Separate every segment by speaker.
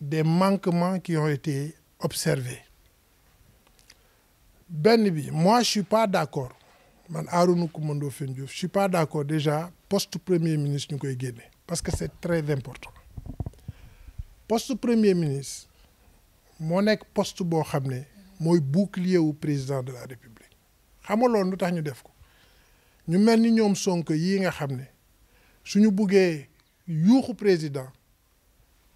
Speaker 1: des manquements qui ont été observés moi je ne suis pas d'accord man ne suis pas d'accord déjà poste premier ministre parce que c'est très important poste premier ministre mon poste qui xamné moy bouclier au président de la république xamaloon lu tax ñu def ko ñu melni ñom sonk yi dit nga xamné suñu buggee yuuxu président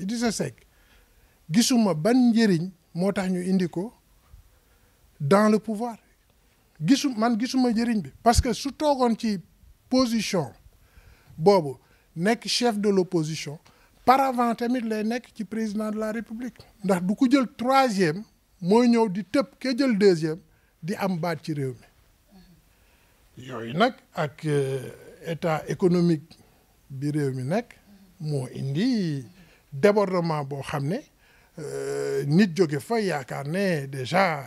Speaker 1: Idrissa Seck gisuma ban njëriñ moo tax ñu indi ko dans le pouvoir gisu man gisuma njëriñ bi parce que su toogoon ci position boobu nekk chef de l'opposition par avant tamit lay nekk ci président de la république ndax du ko jël troisième mooy ñëw di tëb ke jël deuxième di am baat ci réew mi yooyu nag ak euh, état économique bi réew mi nekk moo indi débordement bo xamné euh nit jóge fa yaakaar ne déjà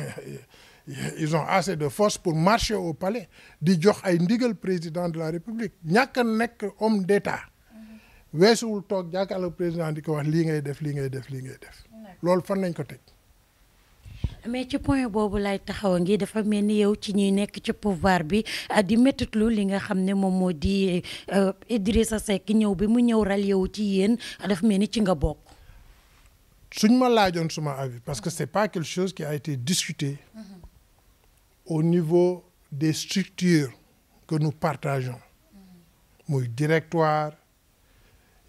Speaker 1: euh, ils ont assez de force pour marcher au palais di jox ay ndigal président de la république ñàkk a homme d'état tok toog le président di ko wax li ngay def li ngay def li ngay def lool fan lañ ko teg
Speaker 2: mais ci point bobu lay taxaw ngi dafa melni yow ci ñuy nek ci pouvoir bi ah, di lu li nga xam mom moom di eh, Idrissa Seck ñew bi mu ñew ral yow ci yeen ah, dafa melni
Speaker 1: ci nga bok suñ ma laajoon suma avis parce que c'est pas quelque chose qui a été discuté mm-hmm. au niveau des structures que nous partageons moy mm-hmm. directoire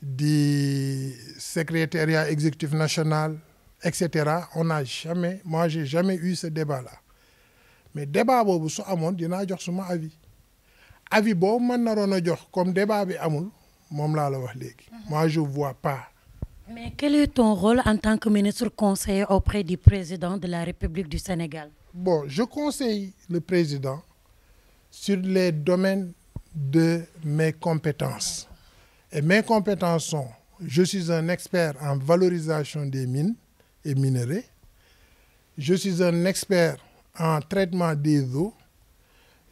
Speaker 1: di secrétariat exécutif national etc. On n'a jamais, moi j'ai jamais eu ce débat-là mais débat jox suma avis avis bon man on a jox comme débat bi amul ne mhm. moi je vois pas.
Speaker 2: mais quel est ton rôle en tant que ministre conseiller auprès du président de la République du
Speaker 1: Sénégal. bon je conseille le président sur les domaines de mes compétences et mes compétences sont je suis un expert en valorisation des mines et Je suis un expert en traitement des eaux.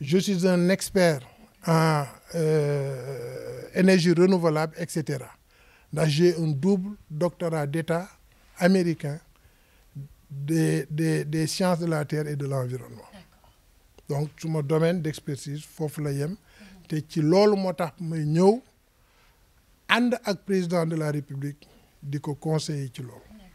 Speaker 1: Je suis un expert en euh, énergie renouvelable, etc. J'ai un double doctorat d'État américain des, sciences de la terre et de l'environnement. Donc, sur mon domaine d'expertise, c'est la yem té ci lolu motax de président de la République du conseiller ci lolu.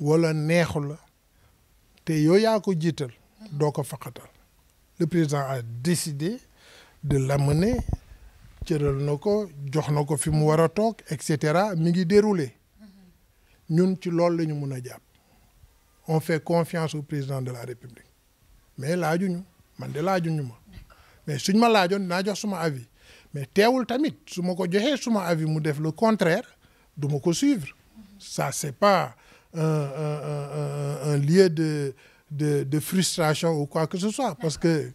Speaker 1: wala neexu la te yow yaa ko jiital doo ko faqatal le président a décidé de l'amener cëral na ko jox na ko fi mu war a toog et cetera mi ngi déroulé ñun ci loolu la ñu mun on fait confiance au président de la république mais laajuñu man de laajuñu ma mais suñ ma laajoon dinaa jox suma avis mais teewul tamit su ma ko joxee suma avis mu def le contraire du ma ko suivre ça c'est pas un, un, lieu de, de, frustration ou quoi que ce soit. Parce que.